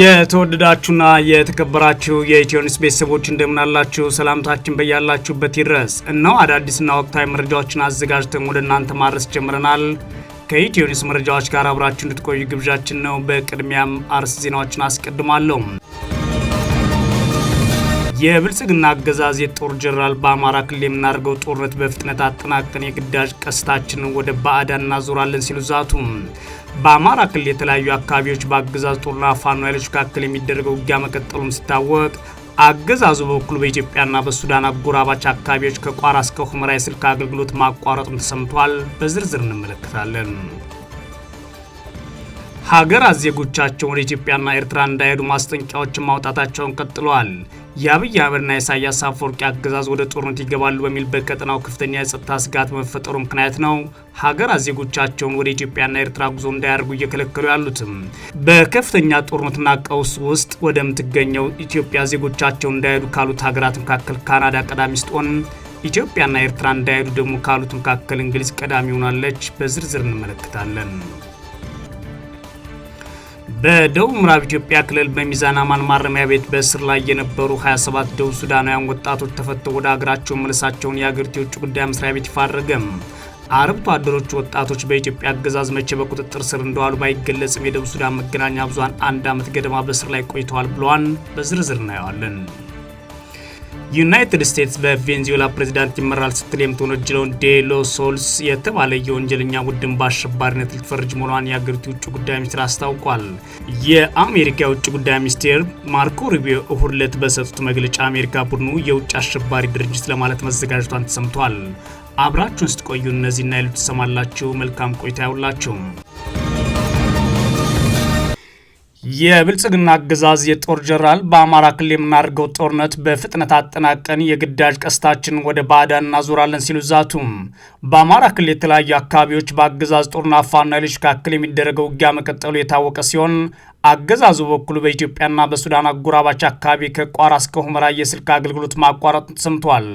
የተወደዳችሁና የተከበራችሁ የኢትዮኒስ ቤተሰቦች እንደምናላችሁ ሰላምታችን በያላችሁበት ይድረስ። እነው አዳዲስና ወቅታዊ መረጃዎችን አዘጋጅተን ወደ እናንተ ማድረስ ጀምረናል። ከኢትዮኒስ መረጃዎች ጋር አብራችሁ እንድትቆዩ ግብዣችን ነው። በቅድሚያም አርስ ዜናዎችን አስቀድማለሁ። የብልጽግና አገዛዝ የጦር ጀነራል በአማራ ክልል የምናደርገው ጦርነት በፍጥነት አጠናቀን የግዳጅ ቀስታችንን ወደ ባዕዳ እናዞራለን ሲሉ ዛቱ። በአማራ ክልል የተለያዩ አካባቢዎች በአገዛዝ ጦርና ፋኖ ኃይሎች መካከል የሚደረገው ውጊያ መቀጠሉም ሲታወቅ አገዛዙ በበኩሉ በኢትዮጵያና በሱዳን አጎራባች አካባቢዎች ከቋራ እስከ ሁመራ የስልክ አገልግሎት ማቋረጡም ተሰምቷል። በዝርዝር እንመለከታለን። ሀገራት ዜጎቻቸውን ወደ ኢትዮጵያና ኤርትራ እንዳይሄዱ ማስጠንቀቂያዎችን ማውጣታቸውን ቀጥለዋል። የአብይ አህመድና ኢሳያስ አፈወርቂ አገዛዝ ወደ ጦርነት ይገባሉ በሚል በቀጠናው ከፍተኛ የጸጥታ ስጋት በመፈጠሩ ምክንያት ነው ሀገራት ዜጎቻቸውን ወደ ኢትዮጵያና ኤርትራ ጉዞ እንዳያደርጉ እየከለከሉ ያሉትም። በከፍተኛ ጦርነትና ቀውስ ውስጥ ወደምትገኘው ኢትዮጵያ ዜጎቻቸውን እንዳይሄዱ ካሉት ሀገራት መካከል ካናዳ ቀዳሚ ስትሆን ኢትዮጵያና ኤርትራ እንዳይሄዱ ደግሞ ካሉት መካከል እንግሊዝ ቀዳሚ ሆናለች። በዝርዝር እንመለከታለን። በደቡብ ምዕራብ ኢትዮጵያ ክልል በሚዛን አማን ማረሚያ ቤት በእስር ላይ የነበሩ 27 ደቡብ ሱዳናውያን ወጣቶች ተፈተው ወደ ሀገራቸው መልሳቸውን የአገሪቱ የውጭ ጉዳይ መስሪያ ቤት ይፋ አደረገም። አርብቶ አደሮቹ ወጣቶች በኢትዮጵያ አገዛዝ መቼ በቁጥጥር ስር እንደዋሉ ባይገለጽም የደቡብ ሱዳን መገናኛ ብዙኃን አንድ ዓመት ገደማ በእስር ላይ ቆይተዋል ብለዋል። በዝርዝር እናየዋለን። ዩናይትድ ስቴትስ በቬንዙዌላ ፕሬዚዳንት ይመራል ስትል የምትወነጅለውን ዴሎሶልስ የተባለ የወንጀለኛ ቡድን በአሸባሪነት ልትፈርጅ መሆኗን የአገሪቱ ውጭ ጉዳይ ሚኒስትር አስታውቋል። የአሜሪካ የውጭ ጉዳይ ሚኒስቴር ማርኮ ሩቢዮ እሁድ ዕለት በሰጡት መግለጫ አሜሪካ ቡድኑ የውጭ አሸባሪ ድርጅት ለማለት መዘጋጀቷን ተሰምቷል። አብራችሁን ስትቆዩ እነዚህና ይሉት ትሰማላችሁ። መልካም ቆይታ ያውላችሁም። የብልጽግና አገዛዝ የጦር ጀነራል በአማራ ክልል የምናደርገው ጦርነት በፍጥነት አጠናቀን የግዳጅ ቀስታችን ወደ ባዕዳን እናዞራለን ሲሉ ዛቱም። በአማራ ክልል የተለያዩ አካባቢዎች በአገዛዝ ጦርና ፋኖ ኃይሎች መካከል የሚደረገው ውጊያ መቀጠሉ የታወቀ ሲሆን አገዛዙ በኩሉ በኢትዮጵያና በሱዳን አጎራባች አካባቢ ከቋራ እስከ ሁመራ የስልክ አገልግሎት ማቋረጥ ሰምቷል።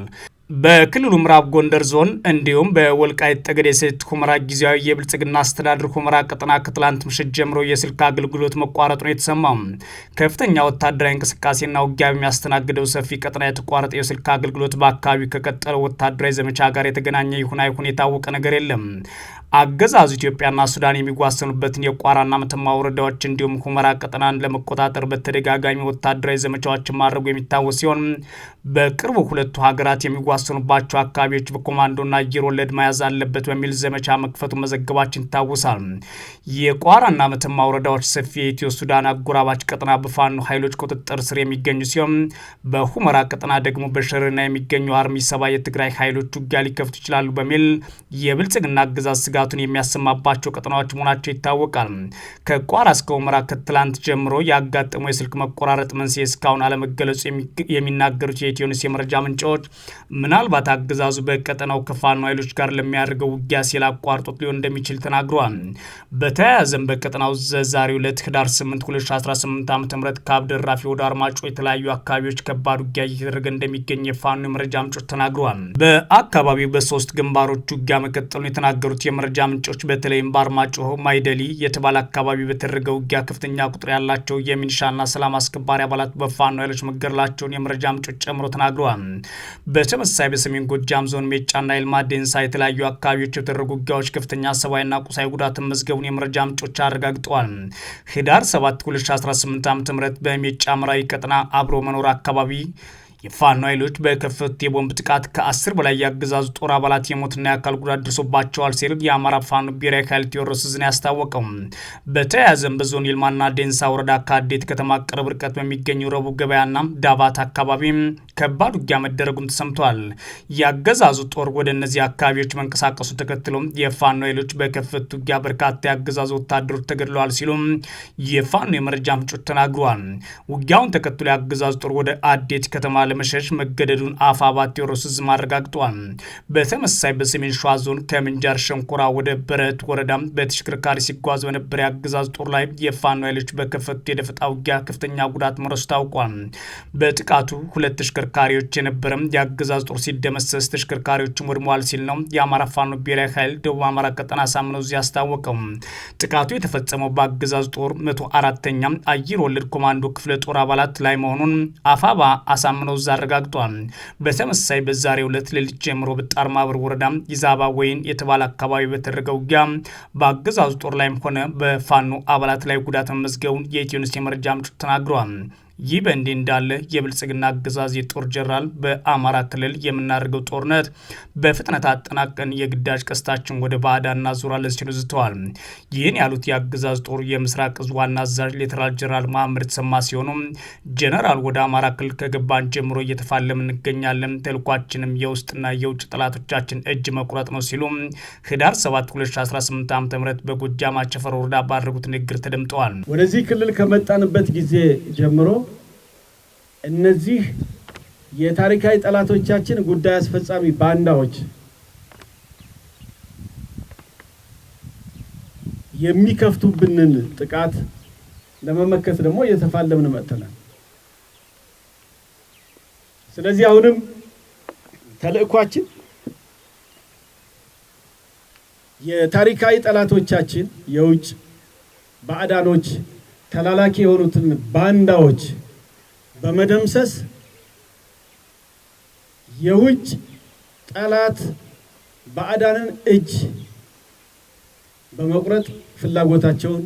በክልሉ ምዕራብ ጎንደር ዞን እንዲሁም በወልቃይት ጠገዴ ሰቲት ሁመራ ጊዜያዊ የብልጽግና አስተዳደር ሁመራ ቀጠና ከትላንት ምሽት ጀምሮ የስልክ አገልግሎት መቋረጡ ነው የተሰማው። ከፍተኛ ወታደራዊ እንቅስቃሴና ውጊያ በሚያስተናግደው ሰፊ ቀጠና የተቋረጠ የስልክ አገልግሎት በአካባቢው ከቀጠለው ወታደራዊ ዘመቻ ጋር የተገናኘ ይሁን አይሁን የታወቀ ነገር የለም። አገዛዙ ኢትዮጵያና ሱዳን የሚዋሰኑበትን የቋራና መተማ ወረዳዎች እንዲሁም ሁመራ ቀጠናን ለመቆጣጠር በተደጋጋሚ ወታደራዊ ዘመቻዎችን ማድረጉ የሚታወስ ሲሆን በቅርቡ ሁለቱ ሀገራት የሚዋሰኑባቸው አካባቢዎች በኮማንዶና አየር ወለድ መያዝ አለበት በሚል ዘመቻ መክፈቱ መዘገባችን ይታወሳል። የቋራና መተማ ወረዳዎች ሰፊ የኢትዮ ሱዳን አጎራባች ቀጠና በፋኖ ኃይሎች ቁጥጥር ስር የሚገኙ ሲሆን በሁመራ ቀጠና ደግሞ በሸርና የሚገኙ አርሚ ሰባ የትግራይ ኃይሎች ውጊያ ሊከፍቱ ይችላሉ በሚል የብልጽግና አገዛዝ ስጋ ስጋቱን የሚያሰማባቸው ቀጠናዎች መሆናቸው ይታወቃል። ከቋራ እስከ ሁመራ ከትላንት ጀምሮ ያጋጠመው የስልክ መቆራረጥ መንስኤ እስካሁን አለመገለጹ የሚናገሩት የኢትዮኒውስ የመረጃ ምንጫዎች ምናልባት አገዛዙ በቀጠናው ከፋኖ ኃይሎች ጋር ለሚያደርገው ውጊያ ሲል አቋርጦት ሊሆን እንደሚችል ተናግረዋል። በተያያዘም በቀጠናው ዘዛሬው ሁለት ህዳር 8 2018 ዓ ም ከአብደራፊ ወደ አርማጮ የተለያዩ አካባቢዎች ከባድ ውጊያ እየተደረገ እንደሚገኝ የፋኖ የመረጃ ምንጮች ተናግረዋል። በአካባቢው በሶስት ግንባሮች ውጊያ መቀጠሉን የተናገሩት የመረ የመረጃ ምንጮች በተለይም በአርማጭሆ ማይደሊ የተባለ አካባቢ በተደረገ ውጊያ ከፍተኛ ቁጥር ያላቸው የሚኒሻና ሰላም አስከባሪ አባላት በፋኖ ኃይሎች መገደላቸውን የመረጃ ምንጮች ጨምሮ ተናግረዋል። በተመሳሳይ በሰሜን ጎጃም ዞን ሜጫና ይልማ ዴንሳ የተለያዩ አካባቢዎች የተደረጉ ውጊያዎች ከፍተኛ ሰብአዊና ቁሳዊ ጉዳትን መዝገቡን የመረጃ ምንጮች አረጋግጠዋል። ህዳር 7 2018 ዓ ም በሜጫ ምራዊ ቀጠና አብሮ መኖር አካባቢ የፋኖ ኃይሎች በከፈቱት የቦምብ ጥቃት ከአስር በላይ የአገዛዙ ጦር አባላት የሞትና የአካል ጉዳት ደርሶባቸዋል ሲል የአማራ ፋኖ ብሔራዊ ኃይል ቴዎድሮስ ዝን ያስታወቀው። በተያያዘም በዞን ይልማና ዴንሳ ወረዳ ከአዴት ከተማ ቅርብ ርቀት በሚገኙ ረቡዕ ገበያና ዳባት አካባቢ ከባድ ውጊያ መደረጉም ተሰምቷል። የአገዛዙ ጦር ወደ እነዚህ አካባቢዎች መንቀሳቀሱ ተከትሎ የፋኖ ኃይሎች በከፈቱት ውጊያ በርካታ የአገዛዙ ወታደሮች ተገድለዋል ሲሉ የፋኖ የመረጃ ምንጮች ተናግረዋል። ውጊያውን ተከትሎ የአገዛዙ ጦር ወደ አዴት ከተማ ለመሸሽ መገደዱን አፋባ ቴዎድሮስ ዝም አረጋግጧል። በተመሳይ በሰሜን ሸዋ ዞን ከምንጃር ሸንኮራ ወደ በረት ወረዳ በተሽከርካሪ ሲጓዝ በነበረ የአገዛዝ ጦር ላይ የፋኖ ኃይሎች በከፈቱት የደፈጣ ውጊያ ከፍተኛ ጉዳት መረሱ ታውቋል። በጥቃቱ ሁለት ተሽከርካሪዎች የነበረ የአገዛዝ ጦር ሲደመሰስ ተሽከርካሪዎችን ወድመዋል ሲል ነው የአማራ ፋኖ ብሔራዊ ኃይል ደቡብ አማራ ቀጠና ሳምነው ዕዝ አስታወቀው። ጥቃቱ የተፈጸመው በአገዛዝ ጦር መቶ አራተኛ አየር ወለድ ኮማንዶ ክፍለ ጦር አባላት ላይ መሆኑን አፋባ አሳምነው ሐውዝ አረጋግጧል። በተመሳሳይ በዛሬው ዕለት ሌሊት ጀምሮ በጣር ማብር ወረዳ ይዛባ ወይን የተባለ አካባቢ በተደረገ ውጊያ በአገዛዙ ጦር ላይም ሆነ በፋኖ አባላት ላይ ጉዳት መመዝገቡን የኢትዮ ኒውስ የመረጃ ምንጮች ተናግረዋል። ይህ በእንዲህ እንዳለ የብልጽግና አገዛዝ የጦር ጀራል በአማራ ክልል የምናደርገው ጦርነት በፍጥነት አጠናቀን የግዳጅ ቀስታችን ወደ ባዕዳ እናዞራለን ሲሉ ዝተዋል። ይህን ያሉት የአገዛዝ ጦር የምስራቅ እዝ ዋና አዛዥ ሌተናል ጀነራል መሐመድ ተሰማ ሲሆኑ ጀነራል ወደ አማራ ክልል ከገባን ጀምሮ እየተፋለም እንገኛለን፣ ተልኳችንም የውስጥና የውጭ ጠላቶቻችን እጅ መቁረጥ ነው ሲሉ ህዳር 7 2018 ዓ ም በጎጃም አቸፈር ወረዳ ባደረጉት ንግግር ተደምጠዋል። ወደዚህ ክልል ከመጣንበት ጊዜ ጀምሮ እነዚህ የታሪካዊ ጠላቶቻችን ጉዳይ አስፈጻሚ ባንዳዎች የሚከፍቱብንን ጥቃት ለመመከት ደግሞ እየተፋለምን መጥተናል። ስለዚህ አሁንም ተልእኳችን የታሪካዊ ጠላቶቻችን የውጭ ባዕዳኖች ተላላኪ የሆኑትን ባንዳዎች በመደምሰስ የውጭ ጠላት ባዕዳንን እጅ በመቁረጥ ፍላጎታቸውን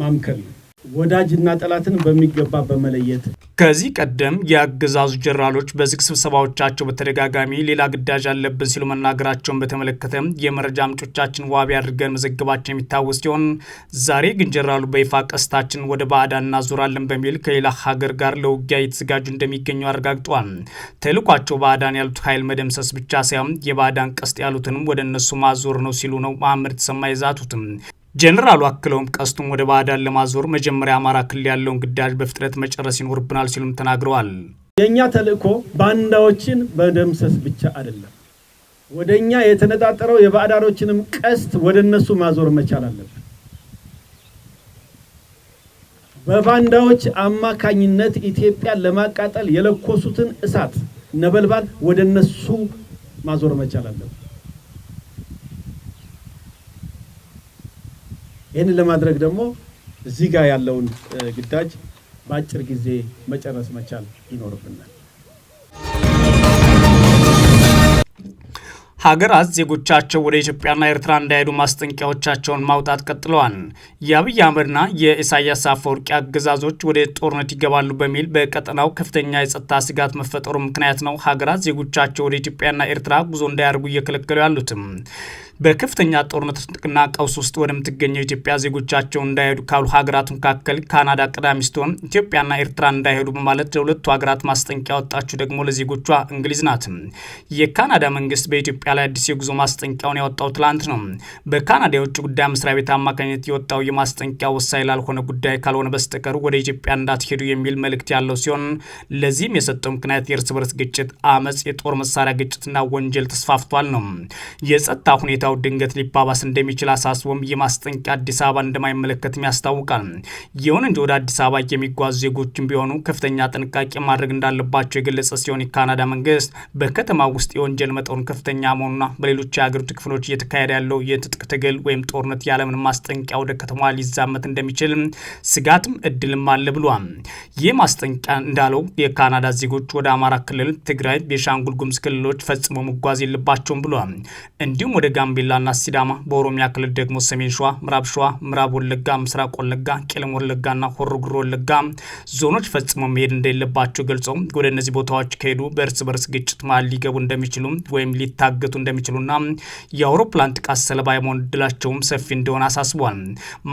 ማምከን ነው። ወዳጅና ጠላትን በሚገባ በመለየት ከዚህ ቀደም የአገዛዙ ጀነራሎች በዝግ ስብሰባዎቻቸው በተደጋጋሚ ሌላ ግዳጅ አለብን ሲሉ መናገራቸውን በተመለከተ የመረጃ ምንጮቻችን ዋቢ አድርገን መዘግባቸው የሚታወስ ሲሆን ዛሬ ግን ጀነራሉ በይፋ ቀስታችን ወደ ባዕዳ እናዞራለን በሚል ከሌላ ሀገር ጋር ለውጊያ እየተዘጋጁ እንደሚገኙ አረጋግጧል። ተልኳቸው ባዕዳን ያሉት ኃይል መደምሰስ ብቻ ሳይሆን የባዕዳን ቀስት ያሉትንም ወደ እነሱ ማዞር ነው ሲሉ ነው መሐመድ ተሰማ የዛቱትም። ጀነራሉ አክለውም ቀስቱን ወደ ባዕዳን ለማዞር መጀመሪያ አማራ ክልል ያለውን ግዳጅ በፍጥነት መጨረስ ይኖርብናል ሲሉም ተናግረዋል። የእኛ ተልእኮ ባንዳዎችን በደምሰስ ብቻ አይደለም፣ ወደ እኛ የተነጣጠረው የባዕዳኖችንም ቀስት ወደ እነሱ ማዞር መቻል አለብን። በባንዳዎች አማካኝነት ኢትዮጵያን ለማቃጠል የለኮሱትን እሳት ነበልባል ወደ እነሱ ማዞር መቻል አለብን። ይህንን ለማድረግ ደግሞ እዚህ ጋር ያለውን ግዳጅ በአጭር ጊዜ መጨረስ መቻል ይኖርብናል። ሀገራት ዜጎቻቸው ወደ ኢትዮጵያና ኤርትራ እንዳይሄዱ ማስጠንቀቂያዎቻቸውን ማውጣት ቀጥለዋል። የአብይ አህመድና የኢሳያስ አፈወርቂ አገዛዞች ወደ ጦርነት ይገባሉ በሚል በቀጠናው ከፍተኛ የጸጥታ ስጋት መፈጠሩ ምክንያት ነው ሀገራት ዜጎቻቸው ወደ ኢትዮጵያና ኤርትራ ጉዞ እንዳያደርጉ እየከለከሉ ያሉትም። በከፍተኛ ጦርነት ውስጥና ቀውስ ውስጥ ወደምትገኘው ኢትዮጵያ ዜጎቻቸው እንዳይሄዱ ካሉ ሀገራት መካከል ካናዳ ቀዳሚ ስትሆን ኢትዮጵያና ኤርትራ እንዳይሄዱ በማለት ለሁለቱ ሀገራት ማስጠንቂያ ያወጣችው ደግሞ ለዜጎቿ እንግሊዝ ናት። የካናዳ መንግስት በኢትዮጵያ ላይ አዲስ የጉዞ ማስጠንቂያውን ያወጣው ትላንት ነው። በካናዳ የውጭ ጉዳይ መስሪያ ቤት አማካኝነት የወጣው የማስጠንቂያ ወሳኝ ላልሆነ ጉዳይ ካልሆነ በስተቀር ወደ ኢትዮጵያ እንዳትሄዱ የሚል መልእክት ያለው ሲሆን ለዚህም የሰጠው ምክንያት የእርስ በርስ ግጭት፣ አመፅ፣ የጦር መሳሪያ ግጭትና ወንጀል ተስፋፍቷል ነው የጸጥታ ሁኔታው ሁኔታው ድንገት ሊባባስ እንደሚችል አሳስቦም የማስጠንቀቂያ አዲስ አበባ እንደማይመለከትም ያስታውቃል። ይሁን እንጂ ወደ አዲስ አበባ የሚጓዙ ዜጎችን ቢሆኑ ከፍተኛ ጥንቃቄ ማድረግ እንዳለባቸው የገለጸ ሲሆን የካናዳ መንግስት በከተማ ውስጥ የወንጀል መጠኑ ከፍተኛ መሆኑና በሌሎች የሀገሪቱ ክፍሎች እየተካሄደ ያለው የትጥቅ ትግል ወይም ጦርነት ያለምንም ማስጠንቀቂያ ወደ ከተማ ሊዛመት እንደሚችል ስጋትም እድልም አለ ብሏል። ይህ ማስጠንቀቂያ እንዳለው የካናዳ ዜጎች ወደ አማራ ክልል፣ ትግራይ፣ ቤንሻንጉል ጉሙዝ ክልሎች ፈጽሞ መጓዝ የለባቸውም ብሏል። እንዲሁም ወደ ጋም ጋምቤላና ሲዳማ፣ በኦሮሚያ ክልል ደግሞ ሰሜን ሸዋ፣ ምዕራብ ሸዋ፣ ምዕራብ ወለጋ፣ ምስራቅ ወለጋ፣ ቄለም ወለጋና ሆሮ ጉዱሩ ወለጋ ዞኖች ፈጽሞ መሄድ እንደሌለባቸው ገልጸው ወደ እነዚህ ቦታዎች ከሄዱ በእርስ በርስ ግጭት መሀል ሊገቡ እንደሚችሉ ወይም ሊታገቱ እንደሚችሉና የአውሮፕላን ጥቃት ሰለባ የመሆን እድላቸውም ሰፊ እንደሆነ አሳስቧል።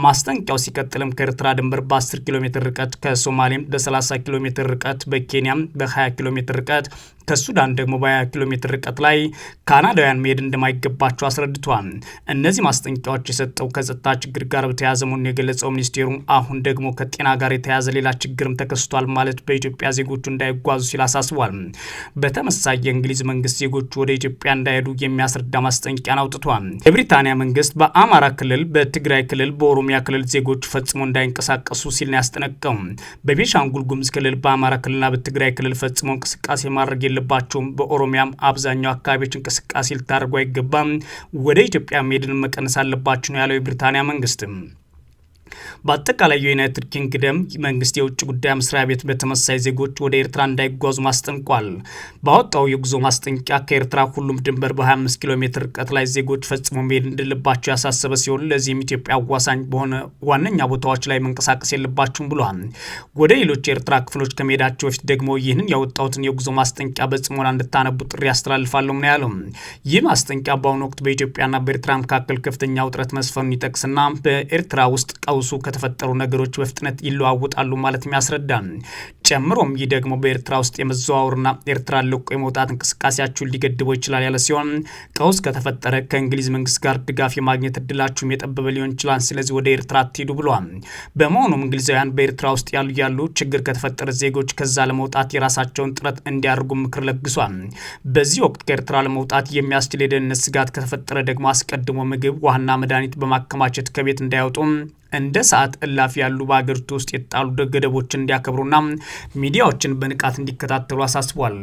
ማስጠንቀቂያው ሲቀጥልም ከኤርትራ ድንበር በ10 ኪሎ ሜትር ርቀት፣ ከሶማሌም በ30 ኪሎ ሜትር ርቀት፣ በኬንያም በ20 ኪሎ ሜትር ርቀት ከሱዳን ደግሞ በ20 ኪሎ ሜትር ርቀት ላይ ካናዳውያን መሄድ እንደማይገባቸው አስረድቷል። እነዚህ ማስጠንቀቂያዎች የሰጠው ከጸጥታ ችግር ጋር በተያያዘ መሆኑን የገለጸው ሚኒስቴሩ አሁን ደግሞ ከጤና ጋር የተያያዘ ሌላ ችግርም ተከስቷል ማለት በኢትዮጵያ ዜጎቹ እንዳይጓዙ ሲል አሳስቧል። በተመሳይ የእንግሊዝ መንግስት ዜጎቹ ወደ ኢትዮጵያ እንዳይሄዱ የሚያስረዳ ማስጠንቀቂያን አውጥቷል። የብሪታንያ መንግስት በአማራ ክልል፣ በትግራይ ክልል፣ በኦሮሚያ ክልል ዜጎች ፈጽሞ እንዳይንቀሳቀሱ ሲል ነው ያስጠነቀቀው። በቤንሻንጉል ክልል፣ በአማራ ክልልና በትግራይ ክልል ፈጽሞ እንቅስቃሴ ማድረግ የለ የለባቸውም። በኦሮሚያም አብዛኛው አካባቢዎች እንቅስቃሴ ልታደርጉ አይገባም፣ ወደ ኢትዮጵያ መሄድን መቀነስ አለባቸው ነው ያለው የብሪታንያ መንግስትም። በአጠቃላይ የዩናይትድ ኪንግደም መንግስት የውጭ ጉዳይ መስሪያ ቤት በተመሳይ ዜጎች ወደ ኤርትራ እንዳይጓዙ ማስጠንቋል። ባወጣው የጉዞ ማስጠንቂያ ከኤርትራ ሁሉም ድንበር በ25 ኪሎ ሜትር ርቀት ላይ ዜጎች ፈጽሞ መሄድ እንደሌለባቸው ያሳሰበ ሲሆን ለዚህም ኢትዮጵያ አዋሳኝ በሆነ ዋነኛ ቦታዎች ላይ መንቀሳቀስ የለባቸውም ብሏል። ወደ ሌሎች የኤርትራ ክፍሎች ከመሄዳቸው በፊት ደግሞ ይህንን ያወጣሁትን የጉዞ ማስጠንቂያ በጽሞና እንድታነቡ ጥሪ ያስተላልፋለሁ ነው ያለው። ይህ ማስጠንቂያ በአሁኑ ወቅት በኢትዮጵያና በኤርትራ መካከል ከፍተኛ ውጥረት መስፈኑን ይጠቅስና በኤርትራ ውስጥ ቀው በቀውሱ ከተፈጠሩ ነገሮች በፍጥነት ይለዋውጣሉ ማለትም ያስረዳል። ጨምሮም ይህ ደግሞ በኤርትራ ውስጥ የመዘዋወርና ኤርትራ ለቆ የመውጣት እንቅስቃሴያችሁን ሊገድበው ይችላል ያለ ሲሆን ቀውስ ከተፈጠረ ከእንግሊዝ መንግስት ጋር ድጋፍ የማግኘት እድላችሁም የጠበበ ሊሆን ይችላል። ስለዚህ ወደ ኤርትራ ትሄዱ ብሏል። በመሆኑም እንግሊዛውያን በኤርትራ ውስጥ ያሉ ያሉ ችግር ከተፈጠረ ዜጎች ከዛ ለመውጣት የራሳቸውን ጥረት እንዲያደርጉ ምክር ለግሷል። በዚህ ወቅት ከኤርትራ ለመውጣት የሚያስችል የደህንነት ስጋት ከተፈጠረ ደግሞ አስቀድሞ ምግብ፣ ውሃና መድኃኒት በማከማቸት ከቤት እንዳይወጡም እንደ ሰዓት እላፊ ያሉ በሀገሪቱ ውስጥ የተጣሉ ገደቦችን እንዲያከብሩና ሚዲያዎችን በንቃት እንዲከታተሉ አሳስቧል።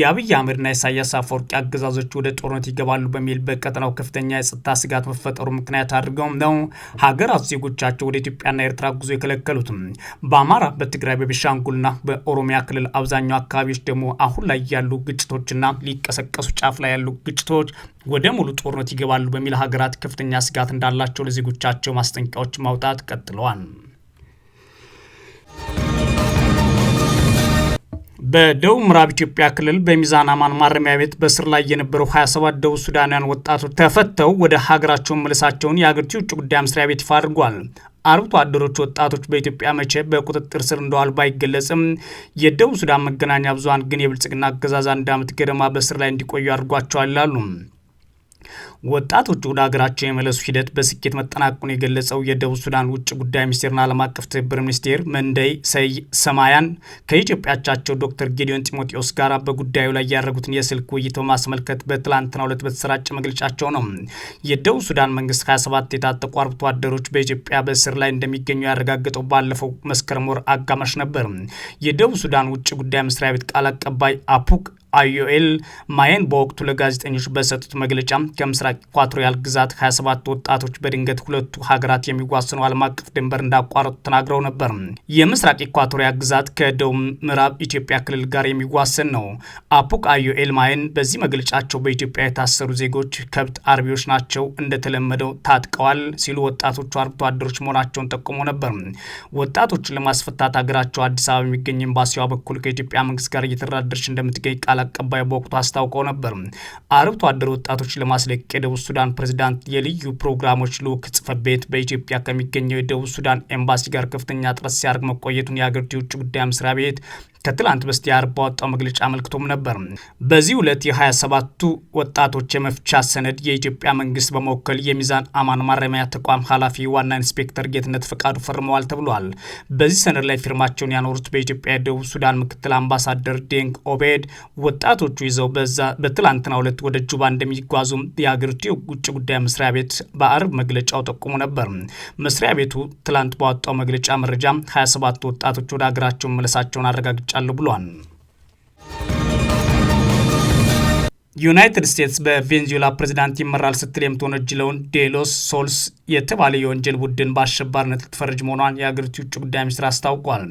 የአብይ አህመድና የሳያስ አፈወርቂ አገዛዞች ወደ ጦርነት ይገባሉ በሚል በቀጠናው ከፍተኛ የጸጥታ ስጋት መፈጠሩ ምክንያት አድርገውም ነው ሀገራት ዜጎቻቸው ወደ ኢትዮጵያና ኤርትራ ጉዞ የከለከሉትም። በአማራ፣ በትግራይ፣ በቤሻንጉልና በኦሮሚያ ክልል አብዛኛው አካባቢዎች ደግሞ አሁን ላይ ያሉ ግጭቶችና ሊቀሰቀሱ ጫፍ ላይ ያሉ ግጭቶች ወደ ሙሉ ጦርነት ይገባሉ በሚል ሀገራት ከፍተኛ ስጋት እንዳላቸው ለዜጎቻቸው ማስጠንቀቂያዎች ማውጣት ቀጥለዋል። በደቡብ ምዕራብ ኢትዮጵያ ክልል በሚዛን አማን ማረሚያ ቤት በስር ላይ የነበሩ 27 ደቡብ ሱዳናውያን ወጣቶች ተፈተው ወደ ሀገራቸው መለሳቸውን የአገሪቱ የውጭ ጉዳይ መስሪያ ቤት ይፋ አድርጓል። አርብቶ አደሮች ወጣቶች በኢትዮጵያ መቼ በቁጥጥር ስር እንደዋል ባይገለጽም የደቡብ ሱዳን መገናኛ ብዙሀን ግን የብልጽግና አገዛዝ አንድ ገደማ በስር ላይ እንዲቆዩ አድርጓቸዋል ይላሉ። ወጣቶቹ ወደ ሀገራቸው የመለሱ ሂደት በስኬት መጠናቀቁን የገለጸው የደቡብ ሱዳን ውጭ ጉዳይ ሚኒስቴርና ዓለም አቀፍ ትብብር ሚኒስቴር መንደይ ሰይ ሰማያን ከኢትዮጵያ አቻቸው ዶክተር ጌዲዮን ጢሞቴዎስ ጋር በጉዳዩ ላይ ያደረጉትን የስልክ ውይይት በማስመልከት በትላንትናው ዕለት በተሰራጨ መግለጫቸው ነው። የደቡብ ሱዳን መንግስት 27 የታጠቁ አርብቶ አደሮች በኢትዮጵያ በእስር ላይ እንደሚገኙ ያረጋገጠው ባለፈው መስከረም ወር አጋማሽ ነበር። የደቡብ ሱዳን ውጭ ጉዳይ መስሪያ ቤት ቃል አቀባይ አፑክ አዮኤል ማየን በወቅቱ ለጋዜጠኞች በሰጡት መግለጫ ከምስራቅ ኢኳቶሪያል ግዛት 27 ወጣቶች በድንገት ሁለቱ ሀገራት የሚዋስኑ ዓለም አቀፍ ድንበር እንዳቋረጡ ተናግረው ነበር። የምስራቅ ኢኳቶሪያ ግዛት ከደቡብ ምዕራብ ኢትዮጵያ ክልል ጋር የሚዋሰን ነው። አፑክ አዮኤል ማየን በዚህ መግለጫቸው በኢትዮጵያ የታሰሩ ዜጎች ከብት አርቢዎች ናቸው፣ እንደተለመደው ታጥቀዋል ሲሉ ወጣቶቹ አርብቶ አደሮች መሆናቸውን ጠቁሞ ነበር። ወጣቶች ለማስፈታት ሀገራቸው አዲስ አበባ የሚገኝ ኤምባሲዋ በኩል ከኢትዮጵያ መንግስት ጋር እየተደራደረች እንደምትገኝ ቃል አቀባዩ በወቅቱ አስታውቀው ነበር። አርብቶ አደር ወጣቶች ለማስለቅ የደቡብ ሱዳን ፕሬዚዳንት የልዩ ፕሮግራሞች ልዑክ ጽሕፈት ቤት በኢትዮጵያ ከሚገኘው የደቡብ ሱዳን ኤምባሲ ጋር ከፍተኛ ጥረት ሲያደርግ መቆየቱን የአገሪቱ የውጭ ጉዳይ መስሪያ ቤት ከትላንት በስቲያ ዓርብ ባወጣው መግለጫ አመልክቶም ነበር። በዚህ ዕለት የ27ቱ ወጣቶች የመፍቻ ሰነድ የኢትዮጵያ መንግስት በመወከል የሚዛን አማን ማረሚያ ተቋም ኃላፊ ዋና ኢንስፔክተር ጌትነት ፈቃዱ ፈርመዋል ተብሏል። በዚህ ሰነድ ላይ ፊርማቸውን ያኖሩት በኢትዮጵያ የደቡብ ሱዳን ምክትል አምባሳደር ዴንግ ኦቤድ ወጣቶቹ ይዘው በትላንትና ዕለት ወደ ጁባ እንደሚጓዙም የሀገሪቱ የውጭ ጉዳይ መስሪያ ቤት በአርብ መግለጫው ጠቁሙ ነበር። መስሪያ ቤቱ ትላንት ባወጣው መግለጫ መረጃ 27ቱ ወጣቶች ወደ ሀገራቸው መመለሳቸውን አረጋግጫ አለው ብሏል። ዩናይትድ ስቴትስ በቬንዙዌላ ፕሬዚዳንት ይመራል ስትል የምትወነጅለውን ዴሎስ ሶልስ የተባለ የወንጀል ቡድን በአሸባሪነት ልትፈርጅ መሆኗን የአገሪቱ ውጭ ጉዳይ ሚኒስትር አስታውቋል።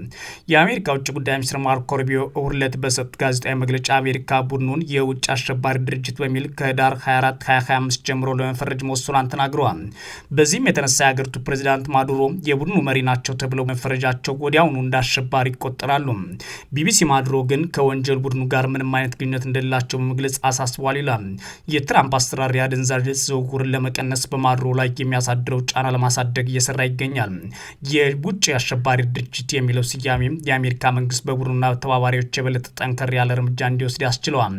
የአሜሪካ ውጭ ጉዳይ ሚኒስትር ማርኮ ሩቢዮ እሁድ ዕለት በሰጡት ጋዜጣዊ መግለጫ አሜሪካ ቡድኑን የውጭ አሸባሪ ድርጅት በሚል ከህዳር 24 2025 ጀምሮ ለመፈረጅ መወሰኗን ተናግረዋል። በዚህም የተነሳ የአገሪቱ ፕሬዚዳንት ማዱሮ የቡድኑ መሪ ናቸው ተብለው መፈረጃቸው ወዲያውኑ እንደ አሸባሪ ይቆጠራሉ። ቢቢሲ ማዱሮ ግን ከወንጀል ቡድኑ ጋር ምንም አይነት ግንኙነት እንደሌላቸው በመግለጽ አሳ አስተዋል ይላል። የትራምፕ አሰራር የአደንዛዥ እጽ ዝውውርን ለመቀነስ በማድሮ ላይ የሚያሳድረው ጫና ለማሳደግ እየሰራ ይገኛል። የውጭ አሸባሪ ድርጅት የሚለው ስያሜ የአሜሪካ መንግስት በቡድኑና ተባባሪዎች የበለጠ ጠንከር ያለ እርምጃ እንዲወስድ ያስችለዋል።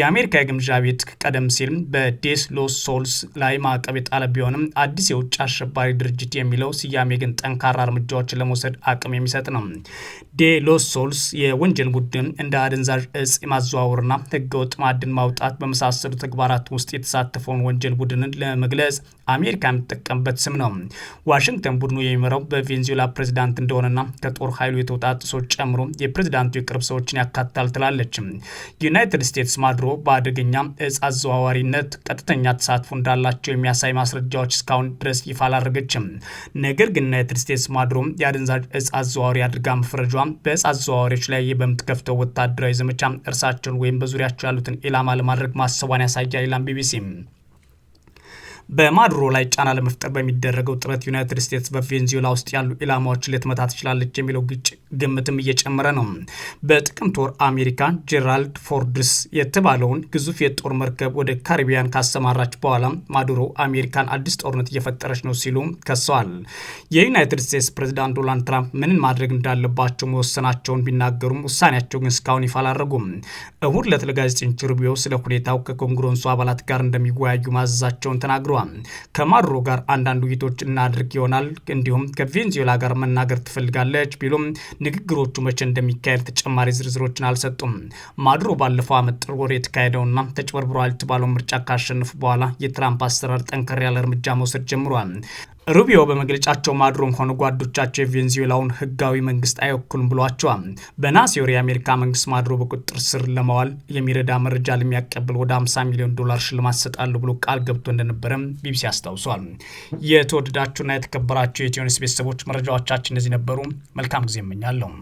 የአሜሪካ የግምዣ ቤት ቀደም ሲል በዴስ ሎስ ሶልስ ላይ ማዕቀብ የጣለ ቢሆንም አዲስ የውጭ አሸባሪ ድርጅት የሚለው ስያሜ ግን ጠንካራ እርምጃዎችን ለመውሰድ አቅም የሚሰጥ ነው። ዴ ሎስ ሶልስ የወንጀል ቡድን እንደ አደንዛዥ እጽ ማዘዋወርና ህገወጥ ማዕድን ማውጣት በመሳሰሉ ተግባራት ውስጥ የተሳተፈውን ወንጀል ቡድንን ለመግለጽ አሜሪካ የምትጠቀምበት ስም ነው። ዋሽንግተን ቡድኑ የሚመራው በቬንዙዌላ ፕሬዚዳንት እንደሆነና ከጦር ኃይሉ የተውጣጡ ሰዎች ጨምሮ የፕሬዚዳንቱ የቅርብ ሰዎችን ያካትታል ትላለች። ዩናይትድ ስቴትስ ማድሮ በአደገኛ እጽ አዘዋዋሪነት ቀጥተኛ ተሳትፎ እንዳላቸው የሚያሳይ ማስረጃዎች እስካሁን ድረስ ይፋ አላደረገችም። ነገር ግን ዩናይትድ ስቴትስ ማድሮ የአደንዛዥ እጽ አዘዋዋሪ አድርጋ መፍረጇ በእጽ አዘዋዋሪዎች ላይ በምትከፍተው ወታደራዊ ዘመቻ እርሳቸውን ወይም በዙሪያቸው ያሉትን ኢላማ ለማድረግ ማሰቧን ያሳያል ይላል ቢቢሲ። በማዱሮ ላይ ጫና ለመፍጠር በሚደረገው ጥረት ዩናይትድ ስቴትስ በቬንዙዌላ ውስጥ ያሉ ኢላማዎችን ልትመታ ትችላለች የሚለው ግጭ ግምትም እየጨመረ ነው። በጥቅምት ወር አሜሪካ ጄራልድ ፎርድስ የተባለውን ግዙፍ የጦር መርከብ ወደ ካሪቢያን ካሰማራች በኋላ ማዱሮ አሜሪካን አዲስ ጦርነት እየፈጠረች ነው ሲሉ ከሰዋል። የዩናይትድ ስቴትስ ፕሬዚዳንት ዶናልድ ትራምፕ ምንን ማድረግ እንዳለባቸው መወሰናቸውን ቢናገሩም ውሳኔያቸው ግን እስካሁን ይፋ አላደረጉም። እሁድ ዕለት ለጋዜጠኞች ሩቢዮ ስለ ሁኔታው ከኮንግረሱ አባላት ጋር እንደሚወያዩ ማዘዛቸውን ተናግረዋል። ተናግረዋል። ከማድሮ ጋር አንዳንድ ውይይቶች እናድርግ ይሆናል እንዲሁም ከቬንዙዌላ ጋር መናገር ትፈልጋለች ቢሉም ንግግሮቹ መቼ እንደሚካሄድ ተጨማሪ ዝርዝሮችን አልሰጡም። ማድሮ ባለፈው ዓመት ጥር ወር የተካሄደውና ተጭበርብሯል የተባለው ምርጫ ካሸነፉ በኋላ የትራምፕ አሰራር ጠንከር ያለ እርምጃ መውሰድ ጀምሯል። ሩቢዮ በመግለጫቸው ማድሮም ሆኑ ጓዶቻቸው የቬንዙዌላውን ህጋዊ መንግስት አይወክሉም ብሏቸዋል። በናሲዮር የአሜሪካ መንግስት ማድሮ በቁጥጥር ስር ለማዋል የሚረዳ መረጃ ለሚያቀብል ወደ 50 ሚሊዮን ዶላር ሽልማት ሰጣሉ ብሎ ቃል ገብቶ እንደነበረም ቢቢሲ አስታውሷል። የተወደዳችሁና የተከበራችሁ የኢትዮኒውስ ቤተሰቦች መረጃዎቻችን እነዚህ ነበሩ። መልካም ጊዜ እመኛለሁ።